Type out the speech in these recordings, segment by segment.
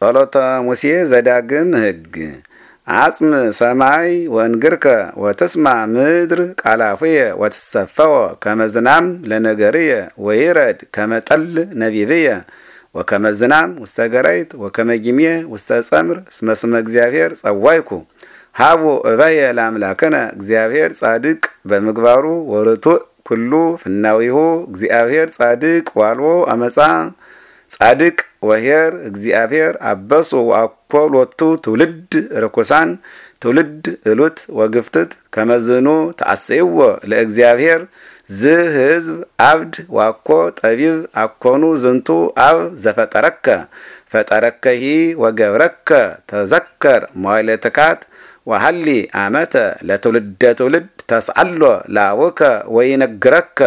ጸሎተ ሙሴ ዘዳግም ህግ! አጽም ሰማይ ወንግርከ ወተስማ ምድር ቃላፉየ ወትሰፈወ ከመዝናም ለነገርየ ወይረድ ከመጠል ነቢብየ ወከመዝናም ውስተ ገራይት ወከመጊምየ ውስተ ጸምር እስመ ስመ እግዚአብሔር ጸዋይኩ ሃቡ እበየ ለአምላክነ እግዚአብሔር ጻድቅ በምግባሩ ወርቱ ኩሉ ፍናዊሁ እግዚአብሔር ጻድቅ ዋልዎ አመፃ ጻድቅ ወሄር እግዚአብሔር አበሶ አኮሎቱ ትውልድ ርኩሳን ትውልድ እሉት ወግፍትት ከመዝኑ ተአስይዎ ለእግዚአብሔር ዝህዝብ አብድ ዋኮ ጠቢብ አኮኑ ዝንቱ አብ ዘፈጠረከ ፈጠረከሂ ወገብረከ ተዘከር ሞይለትካት ወሃሊ አመተ ለትውልደ ትውልድ ተስዓሎ ላውከ ወይነግረከ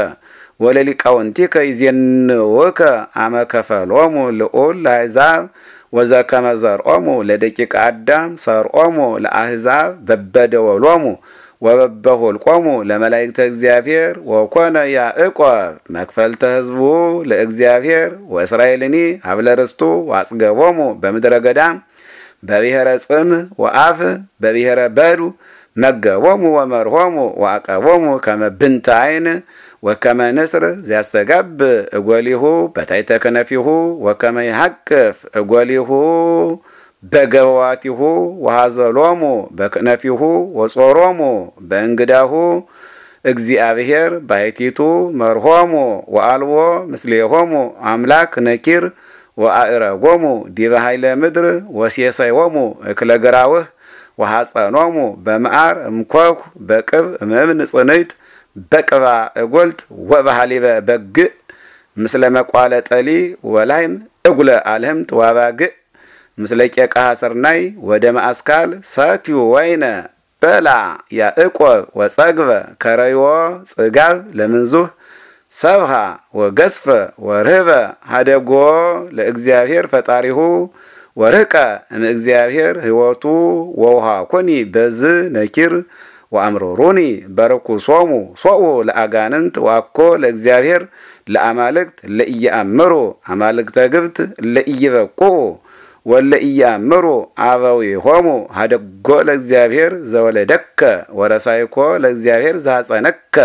ወለሊቃውንቲከ ይዜንውከ አመከፈሎሙ ልዑል ለአሕዛብ ወዘከመ ዘርኦሙ ለደቂቀ አዳም ሰርኦሙ ለአሕዛብ በበደወሎሙ ወበበሆልቆሙ ለመላእክተ እግዚአብሔር ወኮነ ያዕቆብ መክፈልተ ህዝቡ ለእግዚአብሔር ወእስራኤልኒ ሀብለ ርስቱ ወአጽገቦሙ በምድረ ገዳም በብሔረ ጽም ወአፍ በብሔረ በዱ መገቦሙ ወመርሆሙ ዋቀቦሙ ከመ ብንተ ዓይን ወከመ ንስር ዚያስተጋብ እጎሊሁ በታሕተ ክነፊሁ ወከመ ይሐቅፍ እጎሊሁ በገበዋቲሁ ወሃዘሎሙ በክነፊሁ ወጾሮሙ በእንግዳሁ እግዚአብሔር ባይቲቱ መርሆሙ ወአልቦ ምስሌሆሙ አምላክ ነኪር ወአእረጎሙ ዲበ ኃይለ ምድር ወሴሰዮሙ እክለ ግራውህ ወሐጸኖሙ በመዓር እምኮኩ በቅብ እምእብን ጽንይት በቅባ እጎልት ወባሃሊበ በግእ ምስለ መቋለ ጠሊ ወላይም እጉለ አልህምት ዋባግእ ምስለ ቄቃሃ ሰርናይ ወደ ማእስካል ሰትዩ ወይነ በላ ያዕቆብ ወጸግበ ከረይዎ ጽጋብ ለምንዙህ ሰብሃ ወገዝፈ ወርህበ ሃደጎ ለእግዚአብሔር ፈጣሪሁ ወረቀ እምእግዚአብሔር ህይወቱ ወውሃ ኮኒ በዝ ነኪር ወአምሮሩኒ በርኩሶሙ ሶኡ ለአጋንንት ዋኮ ለእግዚአብሔር ለአማልክት ለኢየአምሩ አማልክተ ግብት ለኢይበቁኡ ወለኢያምሩ አበዊሆሙ ሀደጎ ለእግዚአብሔር ዘወለደከ ወረሳይኮ ለእግዚአብሔር ዘሐፀነከ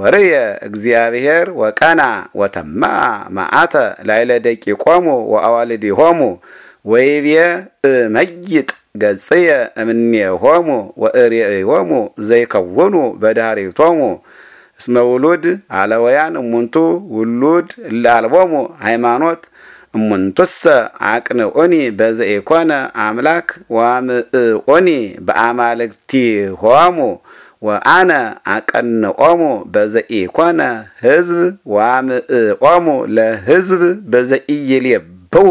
ወርየ እግዚአብሔር ወቀና ወተማአ መዓተ ላይለ ደቂቆሙ ወአዋልዲሆሙ ወይቤ እመይጥ ገጽየ እምኔሆሙ ወእሬዮሙ ዘይከውኑ በዳሪቶሙ እስመ ውሉድ አለወያን እሙንቱ ውሉድ እላልቦሙ ሃይማኖት እሙንቱሰ አቅንዑኒ በዘኢኮነ አምላክ ዋምእዑኒ በአማልክቲሆሙ ወአነ አቀንዖሙ በዘኢኮነ ሕዝብ ዋምእዖሙ ለሕዝብ በዘኢይሌብው